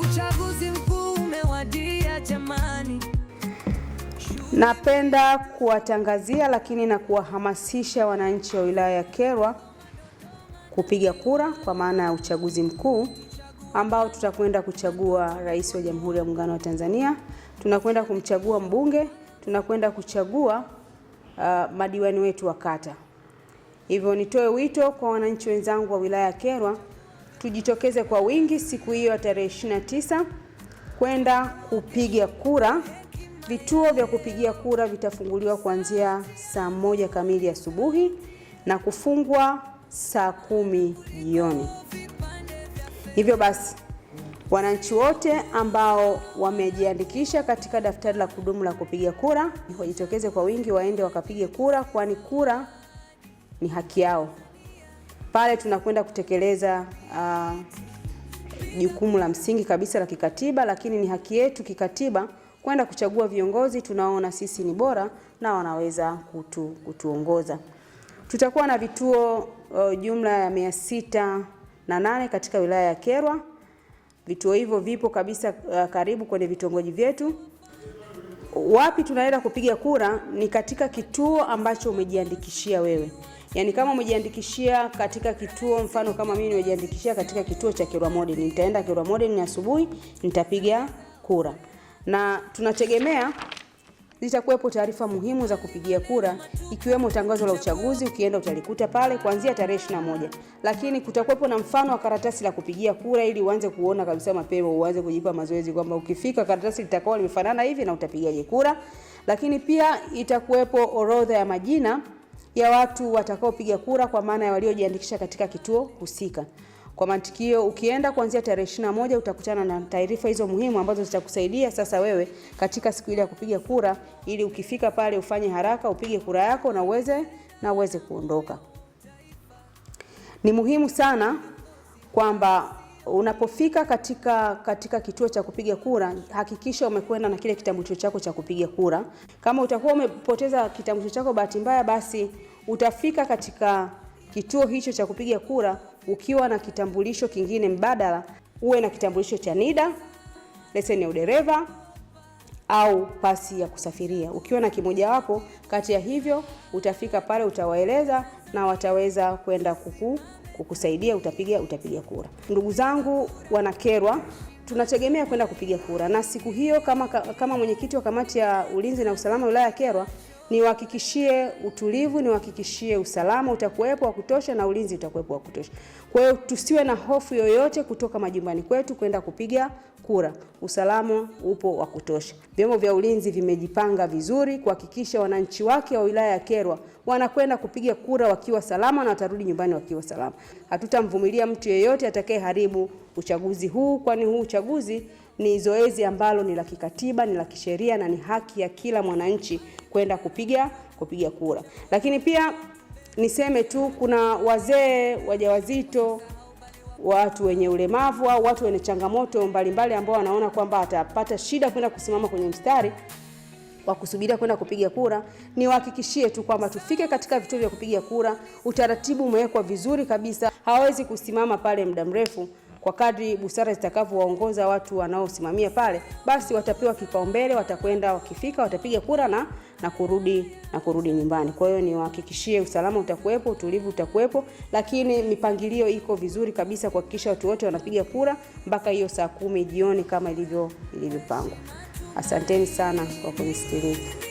Uchaguzi mkuu umewadia jamani. Napenda kuwatangazia lakini na kuwahamasisha wananchi wa wilaya ya Kyerwa kupiga kura kwa maana ya uchaguzi mkuu ambao tutakwenda kuchagua rais wa Jamhuri ya Muungano wa Tanzania, tunakwenda kumchagua mbunge, tunakwenda kuchagua uh, madiwani wetu wa kata. Hivyo nitoe wito kwa wananchi wenzangu wa wilaya ya Kyerwa tujitokeze kwa wingi siku hiyo ya tarehe 29 kwenda kupiga kura. Vituo vya kupigia kura vitafunguliwa kuanzia saa moja kamili asubuhi na kufungwa saa kumi jioni. Hivyo basi, wananchi wote ambao wamejiandikisha katika daftari la kudumu la kupiga kura wajitokeze kwa wingi, waende wakapige kura, kwani kura ni haki yao. Pale tunakwenda kutekeleza ah, jukumu uh, la msingi kabisa la kikatiba, lakini ni haki yetu kikatiba kwenda kuchagua viongozi tunaona sisi ni bora na wanaweza kutu, kutuongoza. Tutakuwa na vituo uh, jumla ya mia sita na nane katika wilaya ya Kyerwa. Vituo hivyo vipo kabisa uh, karibu kwenye vitongoji vyetu. Wapi tunaenda kupiga kura? Ni katika kituo ambacho umejiandikishia wewe. Yaani kama umejiandikishia katika kituo, mfano kama mimi nimejiandikishia katika kituo cha Kirwa Modern, nitaenda Kirwa Modern asubuhi, nitapiga kura na tunategemea zitakuwepo taarifa muhimu za kupigia kura ikiwemo tangazo la uchaguzi, ukienda utalikuta pale kuanzia tarehe moja, lakini kutakuwepo na mfano wa karatasi la kupigia kura ili uanze kuona kabisa mapema, uanze kujipa mazoezi kwamba ukifika karatasi litakuwa limefanana hivi na utapigaje kura. Lakini pia itakuwepo orodha ya majina ya watu watakaopiga kura kwa maana ya waliojiandikisha katika kituo husika. Kwa mantikio, ukienda kuanzia tarehe ishirini na moja utakutana na taarifa hizo muhimu ambazo zitakusaidia sasa wewe katika siku ile ya kupiga kura, ili ukifika pale ufanye haraka upige kura yako na uweze na uweze kuondoka. Ni muhimu sana kwamba unapofika katika katika kituo cha kupiga kura hakikisha umekwenda na kile kitambulisho chako cha kupiga kura. Kama utakuwa umepoteza kitambulisho chako bahati mbaya, basi utafika katika kituo hicho cha kupiga kura ukiwa na kitambulisho kingine mbadala, uwe na kitambulisho cha NIDA, leseni ya udereva au pasi ya kusafiria. Ukiwa na kimojawapo kati ya hivyo, utafika pale, utawaeleza na wataweza kwenda kuku kukusaidia, utapiga utapiga kura. Ndugu zangu wanakerwa, tunategemea kwenda kupiga kura, na siku hiyo kama, kama mwenyekiti wa kamati ya ulinzi na usalama wilaya ya Kerwa niwahakikishie utulivu, niwahakikishie usalama utakuwepo wa kutosha na ulinzi utakuwepo wa kutosha. Kwa hiyo tusiwe na hofu yoyote kutoka majumbani kwetu kwenda kupiga kura. Usalama upo wa kutosha. Vyombo vya ulinzi vimejipanga vizuri kuhakikisha wananchi wake wa wilaya ya Kyerwa wanakwenda kupiga kura wakiwa salama na watarudi nyumbani wakiwa salama. Hatutamvumilia mtu yeyote atakayeharibu uchaguzi huu, kwani huu uchaguzi ni zoezi ambalo ni la kikatiba, ni la kisheria na ni haki ya kila mwananchi kwenda kupiga kupiga kura. Lakini pia niseme tu kuna wazee wajawazito watu wenye ulemavu au watu wenye changamoto mbalimbali ambao wanaona kwamba atapata shida kwenda kusimama kwenye mstari wa kusubiria kwenda kupiga kura, niwahakikishie tu kwamba tufike katika vituo vya kupiga kura, utaratibu umewekwa vizuri kabisa, hawawezi kusimama pale muda mrefu kwa kadri busara zitakavyowaongoza watu wanaosimamia pale, basi watapewa kipaumbele, watakwenda wakifika, watapiga kura na, na kurudi na kurudi nyumbani. Kwa hiyo niwahakikishie, usalama utakuwepo, utulivu utakuwepo, lakini mipangilio iko vizuri kabisa kuhakikisha watu wote wanapiga kura mpaka hiyo saa kumi jioni kama ilivyopangwa. Asanteni sana kwa kunisikiliza.